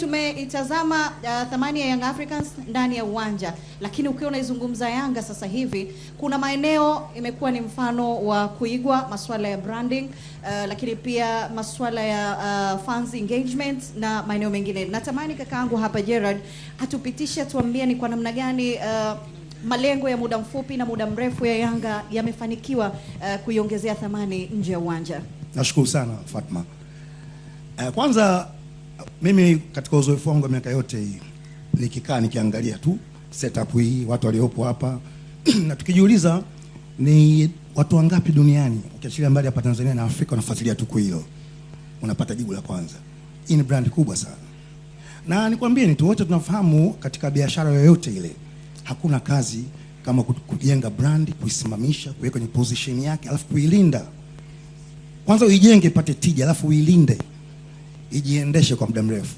Tumeitazama uh, thamani ya Young Africans ndani ya uwanja, lakini ukiwa unaizungumza Yanga sasa hivi, kuna maeneo imekuwa ni mfano wa kuigwa, masuala ya branding uh, lakini pia masuala ya uh, fans engagement na maeneo mengine. Natamani kakaangu hapa Gerard atupitishe, atuambie ni kwa namna gani uh, malengo ya muda mfupi na muda mrefu ya Yanga yamefanikiwa uh, kuiongezea thamani nje ya uwanja. Nashukuru sana Fatma. Uh, kwanza mimi katika uzoefu wangu wa miaka yote hii nikikaa nikiangalia tu setup hii watu waliopo hapa na tukijiuliza ni watu wangapi duniani ukiachilia mbali hapa Tanzania na Afrika wanafuatilia tuko hilo, unapata jibu la kwanza. Hii ni brand kubwa sana, na nikwambieni tu wote tunafahamu katika biashara yoyote ile hakuna kazi kama kujenga brand, kuisimamisha, kuweka kwenye position yake, alafu kuilinda. Kwanza uijenge ipate tija, alafu uilinde ijiendeshe kwa muda mrefu.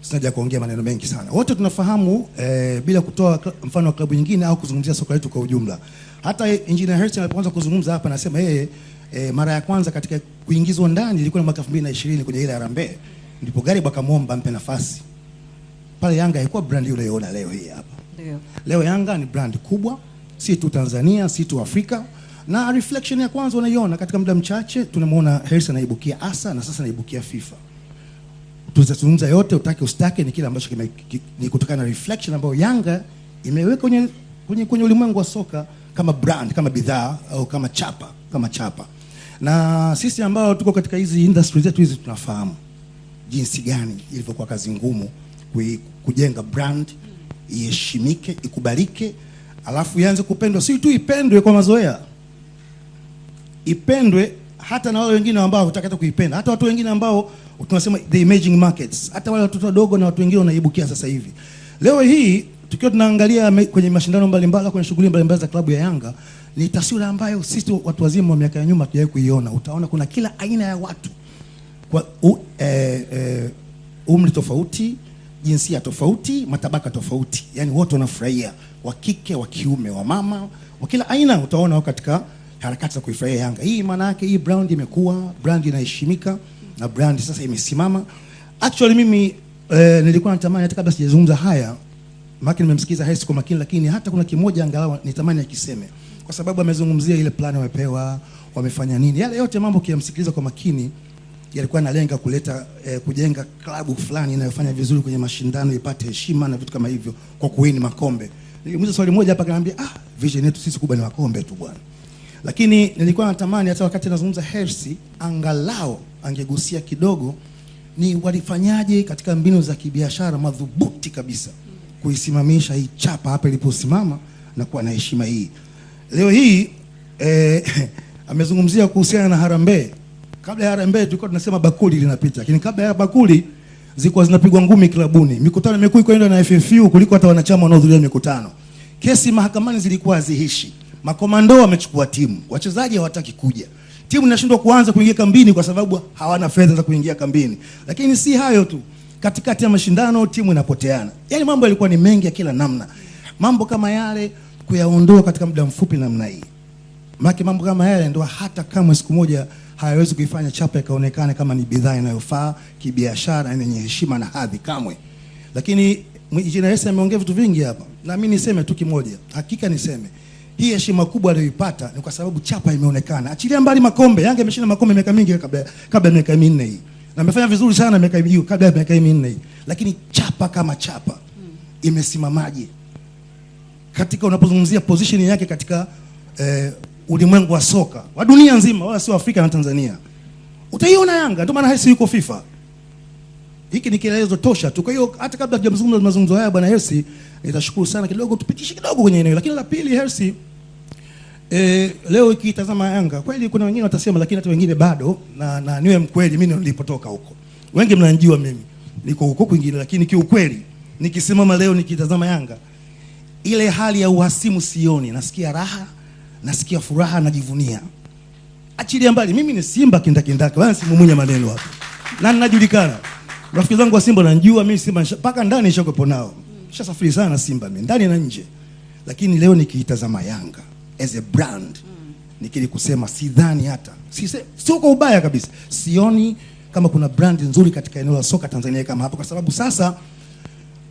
Sina kuongea maneno mengi sana. Wote tunafahamu eh, bila kutoa mfano wa klabu nyingine au kuzungumzia soka letu kwa ujumla. Hata Engineer Hersi alipoanza kuzungumza hapa anasema yeye eh, mara ya kwanza katika kuingizwa ndani ilikuwa mwaka 2020 kwenye ile ya Harambee. Ndipo Garibu akamwomba mpe nafasi. Pale Yanga haikuwa brand ile unayoona leo hii hapa. Ndio. Leo Yanga ni brand kubwa, si tu Tanzania, si tu Afrika. Na reflection ya kwanza unaiona katika muda mchache tunamuona Hersi anaibukia ASA na sasa anaibukia FIFA tutazungumza yote, utake ustake, ni kile ambacho kime, ki, ni kutokana na reflection ambayo Yanga imeweka kwenye, kwenye, kwenye ulimwengu wa soka kama brand, kama bidhaa au kama chapa, kama chapa. Na sisi ambao tuko katika hizi industry zetu hizi tunafahamu jinsi gani ilivyokuwa kazi ngumu kujenga brand iheshimike, ikubalike, alafu ianze kupendwa, si tu ipendwe kwa mazoea, ipendwe hata na wale wengine ambao utakata kuipenda, hata watu wengine ambao tunasema the emerging markets, hata wale watoto wadogo na watu wengine wanaibukia sasa hivi. Leo hii tukiwa tunaangalia kwenye mashindano mbalimbali, kwenye shughuli mbalimbali za klabu ya Yanga, ni taswira ambayo sisi watu wazima wa miaka ya nyuma hatujawahi kuiona. Utaona kuna kila aina ya watu kwa u, e, e, umri tofauti, jinsia tofauti, matabaka tofauti, yani wote wanafurahia, wa kike, wa kiume, wa mama, wa kila aina, utaona wao katika harakati za kuifurahia Yanga. Hii maana yake hii brand imekuwa brand inaheshimika na brand sasa imesimama. Actually mimi eh, nilikuwa natamani hata kabla sijazungumza haya maki nimemsikiza Hersi kwa makini, lakini hata kuna kimoja angalau nitamani akiseme, kwa sababu amezungumzia ile plani wamepewa, wamefanya nini, yale yote mambo kiamsikiliza kwa makini yalikuwa analenga kuleta eh, kujenga klabu fulani inayofanya vizuri kwenye mashindano ipate heshima na vitu kama hivyo kwa kuwini makombe. Nilimuuliza swali moja hapa, kaniambia ah, vision yetu sisi kubwa ni makombe tu bwana. Lakini nilikuwa natamani hata wakati nazungumza Hersi, angalau angegusia kidogo ni walifanyaje katika mbinu za kibiashara madhubuti kabisa kuisimamisha hii chapa hapa iliposimama na kuwa na heshima hii. Leo hii eh, amezungumzia kuhusiana na harambee. Kabla ya harambee tulikuwa tunasema bakuli linapita, lakini kabla ya bakuli zilikuwa zinapigwa ngumi klabuni, mikutano imekuwa ikwenda na FFU kuliko hata wanachama wanaohudhuria mikutano, kesi mahakamani zilikuwa haziishi. Makomando wamechukua timu, wachezaji hawataki kuja, timu inashindwa kuanza kuingia kambini kwa sababu hawana fedha za kuingia kambini. Lakini si hayo tu, katikati ya mashindano timu inapoteana. Yani mambo yalikuwa ni mengi ya kila namna. Mambo kama yale kuyaondoa katika muda mfupi namna hii, maki mambo kama yale ndio hata kama siku moja hayawezi kuifanya chapa ikaonekane kama ni bidhaa inayofaa kibiashara yenye heshima na hadhi, kamwe. Lakini Injinia ameongea vitu vingi hapa, na mimi niseme tu kimoja, hakika niseme hii heshima kubwa aliyoipata ni kwa sababu chapa imeonekana. Achilia mbali makombe, Yanga imeshinda makombe miaka mingi kabla kabla miaka minne hii, na amefanya vizuri sana miaka hiyo kabla ya miaka minne hii, lakini chapa kama chapa hmm. imesimamaje katika unapozungumzia position yake katika eh, ulimwengu wa soka wa dunia nzima, wala sio Afrika na Tanzania, utaiona Yanga. Ndio maana Hersi yuko FIFA. Hiki ni kielezo tosha tu. Kwa hiyo hata kabla tujamzungumza mazungumzo haya, bwana Hersi, nitashukuru sana kidogo, tupitishe kidogo kwenye eneo. Lakini la pili, Hersi E, leo ikitazama Yanga kweli, kuna wengine watasema, lakini hata wengine bado na, na niwe mkweli, mimi nilipotoka huko, wengi mnanijua mimi niko huko kwingine, lakini kiukweli nikisimama leo nikitazama Yanga ile hali ya uhasimu sioni, nasikia raha, nasikia furaha, najivunia. Achilia mbali, mimi ni Simba kindakindaka, wala simumunya maneno hapo, na ninajulikana. Rafiki zangu wa Simba wanajua mimi Simba mpaka ndani nishakopo nao, nishasafiri sana Simba mimi ndani na nje, lakini leo nikiitazama Yanga as a brand mm. Nikili kusema sidhani hata sio kwa ubaya kabisa, sioni kama kuna brand nzuri katika eneo la soka Tanzania kama hapo, kwa sababu sasa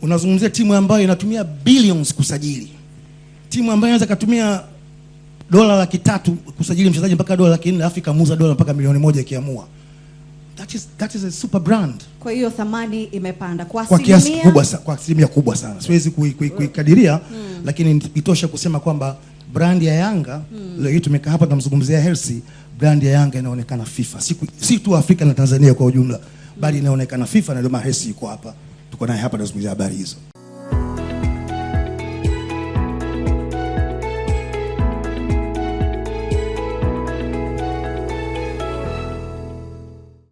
unazungumzia timu ambayo inatumia billions kusajili, timu ambayo inaweza katumia dola laki tatu kusajili mchezaji mpaka dola laki nne Afrika muuza dola mpaka milioni moja ikiamua. That is, that is a super brand. Kwa hiyo thamani imepanda kwa kwa kiasi kubwa, kwa asilimia kubwa sana siwezi kuikadiria kui, kui, kui, hmm. Lakini itosha kusema kwamba brand ya Yanga mm. Leo hii tumekaa hapa tunamzungumzia Hersi, brand ya Yanga inaonekana FIFA, si, si tu Afrika na Tanzania kwa ujumla mm. bali hmm. inaonekana FIFA na ndio maana Hersi yuko hapa, tuko naye hapa tunazungumzia habari hizo.